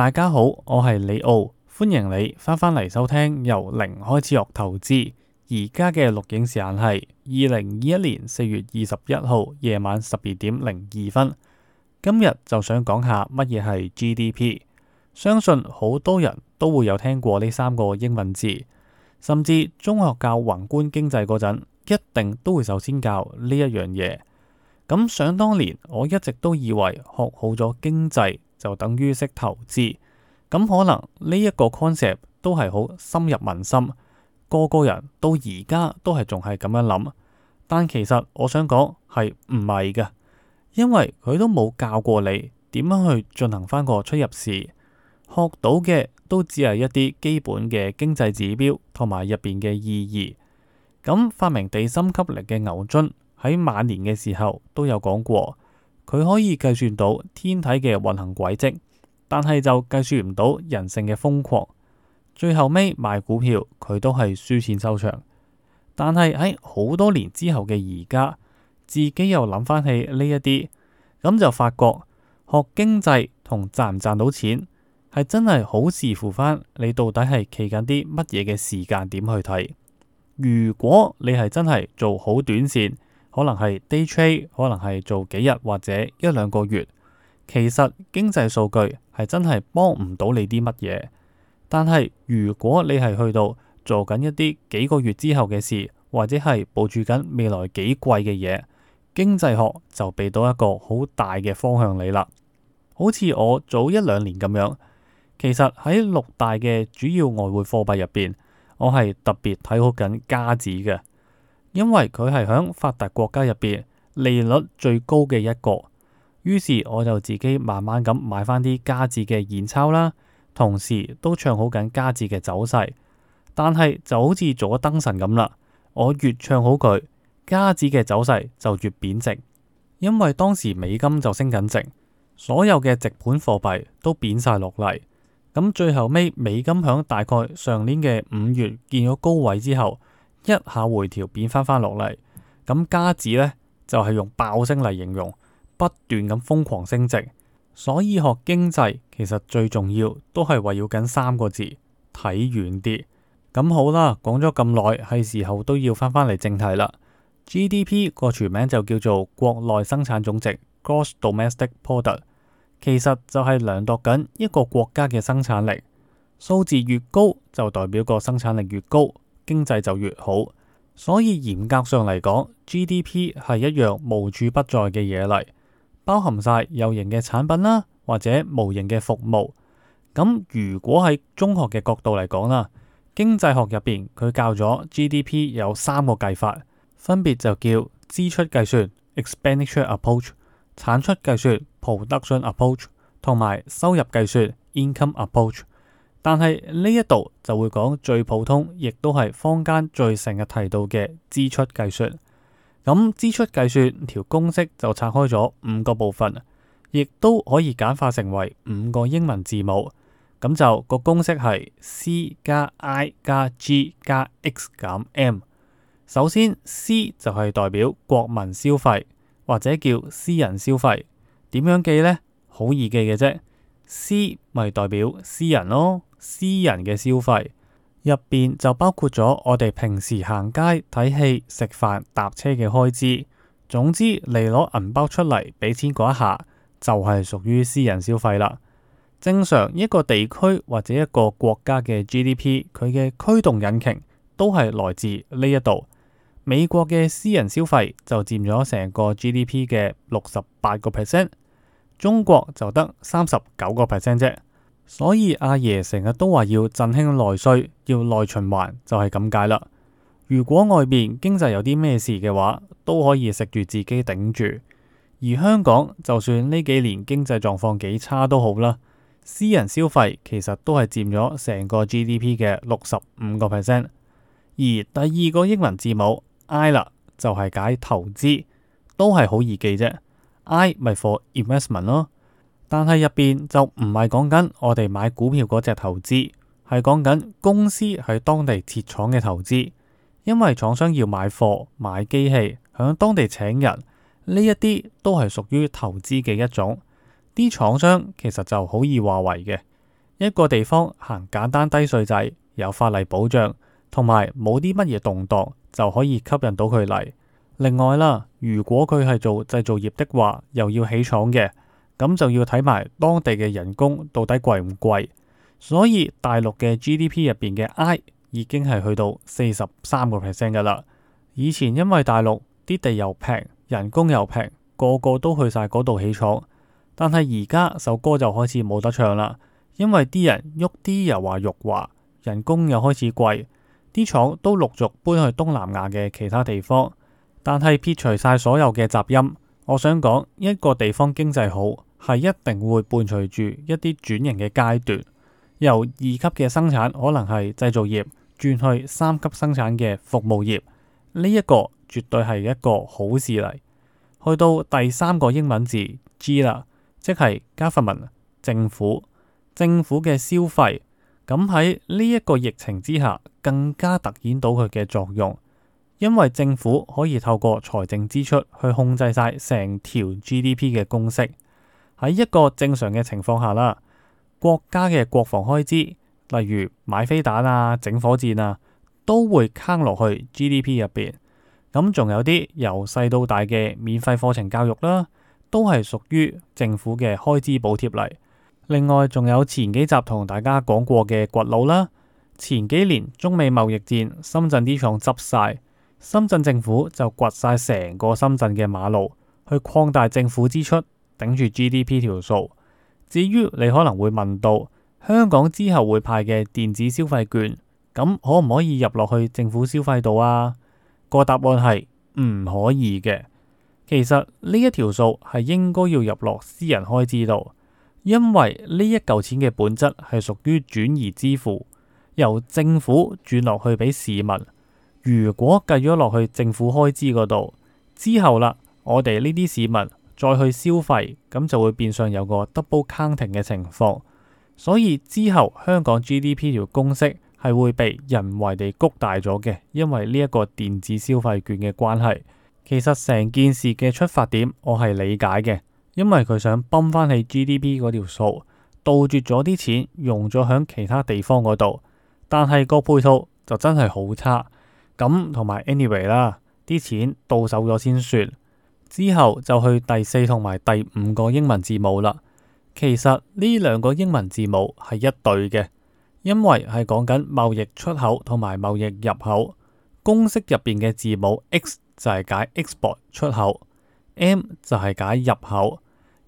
大家好，我係李奧，歡迎你翻返嚟收聽由零開始學投資。而家嘅錄影時間係二零二一年四月二十一號夜晚十二點零二分。今日就想講下乜嘢係 GDP，相信好多人都會有聽過呢三個英文字，甚至中學教宏觀經濟嗰陣一定都會首先教呢一樣嘢。咁想當年我一直都以為學好咗經濟。就等於識投資，咁可能呢一個 concept 都係好深入民心，個個人到而家都係仲係咁樣諗。但其實我想講係唔係㗎，因為佢都冇教過你點樣去進行返個出入市，學到嘅都只係一啲基本嘅經濟指標同埋入邊嘅意義。咁發明地心吸力嘅牛津喺晚年嘅時候都有講過。佢可以計算到天體嘅運行軌跡，但係就計算唔到人性嘅瘋狂。最後尾賣股票，佢都係輸錢收場。但係喺好多年之後嘅而家，自己又諗翻起呢一啲，咁就發覺學經濟同賺唔賺到錢，係真係好視乎翻你到底係企緊啲乜嘢嘅時間點去睇。如果你係真係做好短線。可能係 day t a 可能係做幾日或者一兩個月，其實經濟數據係真係幫唔到你啲乜嘢。但係如果你係去到做緊一啲幾個月之後嘅事，或者係部署緊未來幾季嘅嘢，經濟學就俾到一個好大嘅方向你啦。好似我早一兩年咁樣，其實喺六大嘅主要外匯貨幣入邊，我係特別睇好緊加紙嘅。因為佢係響發達國家入邊利率最高嘅一個，於是我就自己慢慢咁買翻啲加字嘅現鈔啦，同時都唱好緊加字嘅走勢。但係就好似做咗燈神咁啦，我越唱好佢，加字嘅走勢就越貶值，因為當時美金就升緊值，所有嘅直盤貨幣都貶晒落嚟。咁最後尾美金響大概上年嘅五月見咗高位之後。一下回調變翻翻落嚟。咁加指呢，就係、是、用爆升嚟形容，不斷咁瘋狂升值。所以學經濟其實最重要都係圍繞緊三個字，睇遠啲。咁好啦，講咗咁耐，係時候都要翻返嚟正題啦。GDP 個全名就叫做國內生產總值 （Gross Domestic Product），其實就係量度緊一個國家嘅生產力，數字越高就代表個生產力越高。經濟就越好，所以嚴格上嚟講，GDP 係一樣無處不在嘅嘢嚟，包含晒有形嘅產品啦，或者無形嘅服務。咁如果喺中學嘅角度嚟講啦，經濟學入邊佢教咗 GDP 有三個計法，分別就叫支出計算 （Expenditure Approach）、Ex Appro ach，產出計算 （Production Approach） 同埋收入計算 （Income Approach）。In 但係呢一度就會講最普通，亦都係坊間最成日提到嘅支出計算。咁支出計算條公式就拆開咗五個部分，亦都可以簡化成為五個英文字母。咁就個公式係 C 加 I 加 G 加 X 減 M。首先 C 就係代表國民消費或者叫私人消費。點樣記呢？好易記嘅啫，C 咪代表私人咯。私人嘅消費入邊就包括咗我哋平時行街、睇戲、食飯、搭車嘅開支。總之你攞銀包出嚟俾錢嗰一下，就係屬於私人消費啦。正常一個地區或者一個國家嘅 GDP，佢嘅驅動引擎都係來自呢一度。美國嘅私人消費就佔咗成個 GDP 嘅六十八個 percent，中國就得三十九個 percent 啫。所以阿爺成日都話要振興內需，要內循環就係咁解啦。如果外邊經濟有啲咩事嘅話，都可以食住自己頂住。而香港就算呢幾年經濟狀況幾差都好啦，私人消費其實都係佔咗成個 GDP 嘅六十五個 percent。而第二個英文字母 I 啦，就係解投資，都係好易記啫。I 咪 for investment 咯。但係入邊就唔係講緊我哋買股票嗰隻投資，係講緊公司喺當地設廠嘅投資。因為廠商要買貨、買機器、響當地請人，呢一啲都係屬於投資嘅一種。啲廠商其實就好易話為嘅，一個地方行簡單低稅制，有法例保障，同埋冇啲乜嘢動蕩，就可以吸引到佢嚟。另外啦，如果佢係做製造業的話，又要起廠嘅。咁就要睇埋當地嘅人工到底貴唔貴，所以大陸嘅 GDP 入邊嘅 I 已經係去到四十三個 percent 嘅啦。以前因為大陸啲地又平，人工又平，個個都去晒嗰度起廠，但係而家首歌就開始冇得唱啦，因為啲人喐啲又話辱華，人工又開始貴，啲廠都陸續搬去東南亞嘅其他地方。但係撇除晒所有嘅雜音，我想講一個地方經濟好，係一定會伴隨住一啲轉型嘅階段，由二級嘅生產可能係製造業轉去三級生產嘅服務業，呢一個絕對係一個好事嚟。去到第三個英文字 G 啦，即係 government，政府，政府嘅消費，咁喺呢一個疫情之下更加突顯到佢嘅作用，因為政府可以透過財政支出去控制晒成條 GDP 嘅公式。喺一個正常嘅情況下啦，國家嘅國防開支，例如買飛彈啊、整火箭啊，都會坑落去 GDP 入邊。咁、嗯、仲有啲由細到大嘅免費課程教育啦，都係屬於政府嘅開支補貼嚟。另外，仲有前幾集同大家講過嘅掘路啦。前幾年中美貿易戰，深圳啲廠執晒，深圳政府就掘晒成個深圳嘅馬路去擴大政府支出。頂住 GDP 條數，至於你可能會問到香港之後會派嘅電子消費券咁，可唔可以入落去政府消費度啊？個答案係唔可以嘅。其實呢一條數係應該要入落私人開支度，因為呢一嚿錢嘅本質係屬於轉移支付，由政府轉落去俾市民。如果計咗落去政府開支嗰度之後啦，我哋呢啲市民，再去消費，咁就會變相有個 double counting 嘅情況，所以之後香港 GDP 條公式係會被人為地谷大咗嘅，因為呢一個電子消費券嘅關係。其實成件事嘅出發點我係理解嘅，因為佢想泵翻起 GDP 嗰條數，杜絕咗啲錢用咗喺其他地方嗰度，但係個配套就真係好差。咁同埋 anyway 啦，啲錢到手咗先算。之後就去第四同埋第五個英文字母啦。其實呢兩個英文字母係一對嘅，因為係講緊貿易出口同埋貿易入口。公式入邊嘅字母 X 就係解 export 出口，M 就係解入口。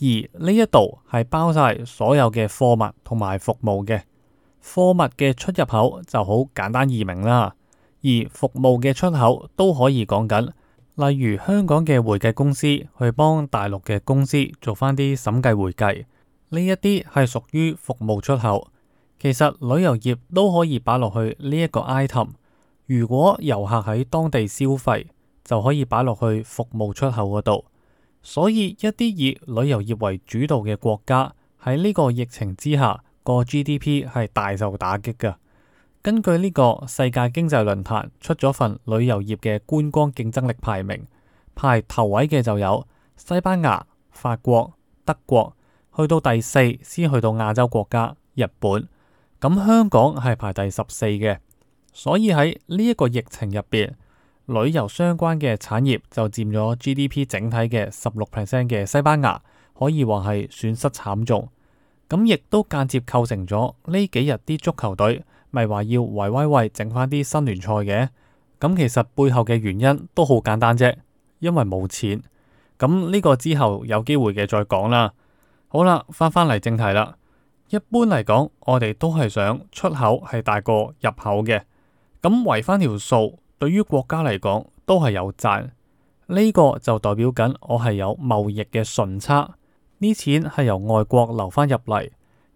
而呢一度係包晒所有嘅貨物同埋服務嘅。貨物嘅出入口就好簡單易明啦，而服務嘅出口都可以講緊。例如香港嘅會計公司去幫大陸嘅公司做翻啲審計會計，呢一啲係屬於服務出口。其實旅遊業都可以擺落去呢一個 item。如果遊客喺當地消費，就可以擺落去服務出口嗰度。所以一啲以旅遊業為主導嘅國家喺呢個疫情之下，個 GDP 係大受打擊嘅。根據呢個世界經濟論壇出咗份旅遊業嘅觀光競爭力排名，排頭位嘅就有西班牙、法國、德國，去到第四先去到亞洲國家日本。咁香港係排第十四嘅，所以喺呢一個疫情入邊，旅遊相關嘅產業就佔咗 GDP 整體嘅十六 percent 嘅西班牙，可以話係損失慘重。咁亦都間接構成咗呢幾日啲足球隊。咪話要圍威喂整翻啲新聯賽嘅咁，其實背後嘅原因都好簡單啫，因為冇錢。咁呢個之後有機會嘅再講啦。好啦，翻返嚟正題啦。一般嚟講，我哋都係想出口係大過入口嘅咁，圍翻條數對於國家嚟講都係有賺。呢個就代表緊我係有貿易嘅順差，呢錢係由外國留翻入嚟，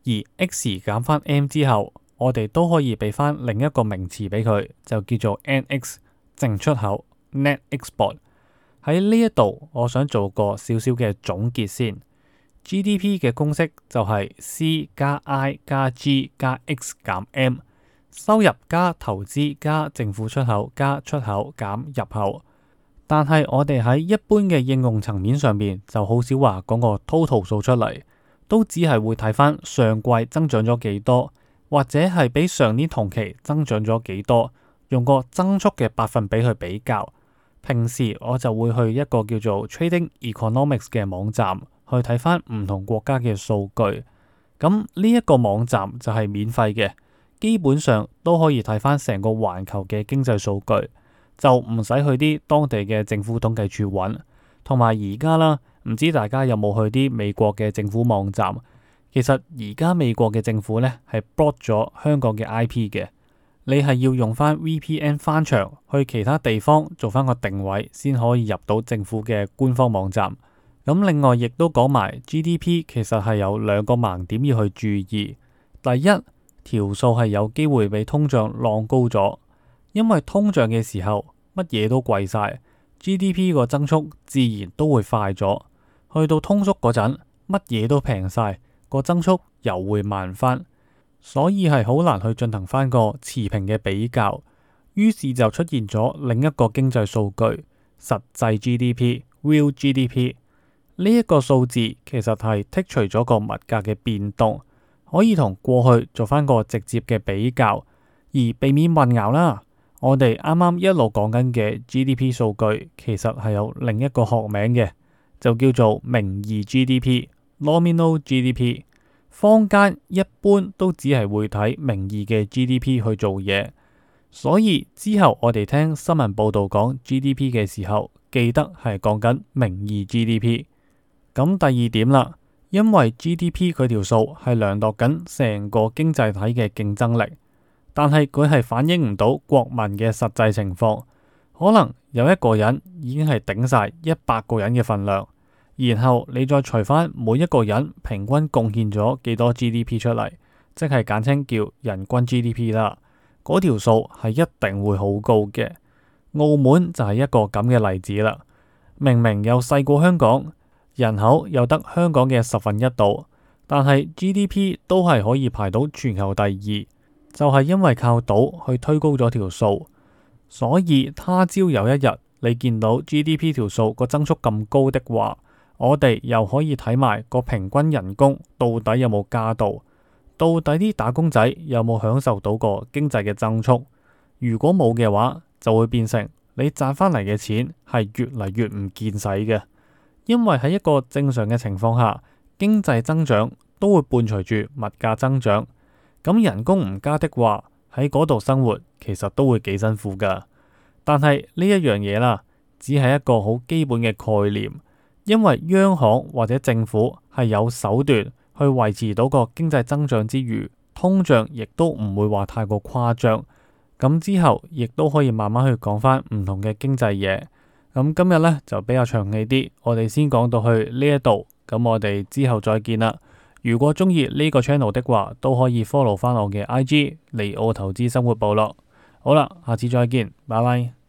而 X 減翻 M 之後。我哋都可以俾翻另一個名詞俾佢，就叫做 NX 淨出口 （net export）。喺呢一度，我想做個少少嘅總結先。GDP 嘅公式就係 C 加 I 加 G 加 X 減 M，收入加投資加政府出口加出口減入口。但係我哋喺一般嘅應用層面上邊就好少話講個 total 數出嚟，都只係會睇翻上季增長咗幾多。或者係比上年同期增長咗幾多，用個增速嘅百分比去比較。平時我就會去一個叫做 Trading Economics 嘅網站去睇翻唔同國家嘅數據。咁呢一個網站就係免費嘅，基本上都可以睇翻成個環球嘅經濟數據，就唔使去啲當地嘅政府統計處揾。同埋而家啦，唔知大家有冇去啲美國嘅政府網站？其實而家美國嘅政府咧係 block 咗香港嘅 I P 嘅，你係要用翻 V P N 翻牆去其他地方做翻個定位，先可以入到政府嘅官方網站。咁另外亦都講埋 G D P，其實係有兩個盲點要去注意。第一，條數係有機會俾通脹浪高咗，因為通脹嘅時候乜嘢都貴晒，G D P 個增速自然都會快咗。去到通縮嗰陣，乜嘢都平晒。個增速又會慢翻，所以係好難去進行翻個持平嘅比較。於是就出現咗另一個經濟數據，實際 GDP（real GDP）。呢一個數字其實係剔除咗個物價嘅變動，可以同過去做翻個直接嘅比較，而避免混淆啦。我哋啱啱一路講緊嘅 GDP 數據其實係有另一個學名嘅，就叫做名義 GDP。Nominal GDP，坊間一般都只係會睇名義嘅 GDP 去做嘢，所以之後我哋聽新聞報道講 GDP 嘅時候，記得係講緊名義 GDP。咁第二點啦，因為 GDP 佢條數係量度緊成個經濟體嘅競爭力，但係佢係反映唔到國民嘅實際情況，可能有一個人已經係頂晒一百個人嘅份量。然後你再除翻每一個人平均貢獻咗幾多 GDP 出嚟，即係簡稱叫人均 GDP 啦。嗰條數係一定會好高嘅。澳門就係一個咁嘅例子啦。明明又細過香港，人口又得香港嘅十分一度，但係 GDP 都係可以排到全球第二，就係因為靠賭去推高咗條數。所以他朝有一日，你見到 GDP 條數個增速咁高的話，我哋又可以睇埋個平均人工到底有冇加到，到底啲打工仔有冇享受到過經濟嘅增速？如果冇嘅話，就會變成你賺翻嚟嘅錢係越嚟越唔見使嘅。因為喺一個正常嘅情況下，經濟增長都會伴隨住物價增長。咁人工唔加的話，喺嗰度生活其實都會幾辛苦噶。但係呢一樣嘢啦，只係一個好基本嘅概念。因為央行或者政府係有手段去維持到個經濟增長之餘，通脹亦都唔會話太過誇張。咁之後亦都可以慢慢去講翻唔同嘅經濟嘢。咁今日呢，就比較長氣啲，我哋先講到去呢一度。咁我哋之後再見啦。如果中意呢個 channel 的話，都可以 follow 翻我嘅 IG 離奧投資生活部落。好啦，下次再見，拜拜。